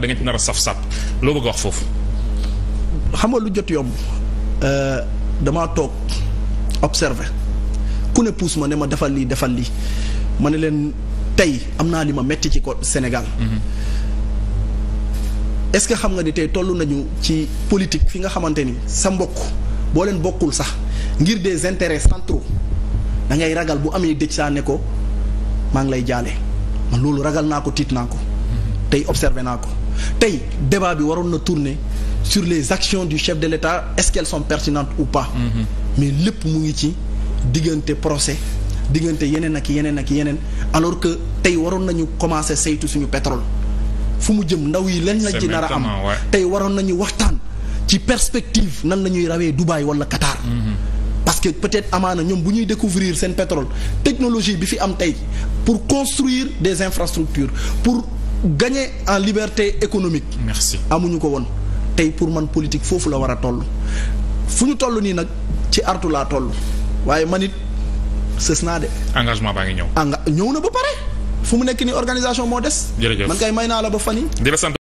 da nga ci a saf sàpp loo bëgg wax foofu. xam nga lu jot yomb euh, damaa toog observer ku ne puus ma ne ma defal lii defal lii ma ne leen tey am naa li ma metti ci ko Sénégal. Mhm. est-ce que xam nga ni tey toll nañu ci politique fi nga xamante ni sa mbokk boo leen bokkul sax ngir des intérêts centraux dangay ragal bu amee dëj saa ne ko maa ngi lay jaale man loolu ragal naa ko tiit naa ko mhm. tey observé naa ko. tey débat bi waroon na tourner sur les actions du chef de l'État est-ce qu'elles sont pertinentes ou pas mhm. mais lépp mu ngi ci diggante procès diggante yeneen ak yeneen ak yeneen alors que tey waroon nañu commencer saytu suñu pétrole fu mu jëm ndaw yi len lañ ci nar a am tey waroon nañu waxtaan ci perspective nan la ñuy rawee Dubaï wala Qatar mhm. parce que peut-être amaana ñoom bu ñuy découvrir seen pétrole technologie bi fi am tey pour construire des infrastructures pour gagner en liberté économique. merci amuñu ko woon tey pour man politique foofu la war a toll fu ñu toll nii nag ci artu laa toll waaye man it sës naa de. engagement baa ngi ñëw. enga ñëw na ba pare fu mu nekk nii organisation moo des. jërëjëf man kay may naa la ba fan yii.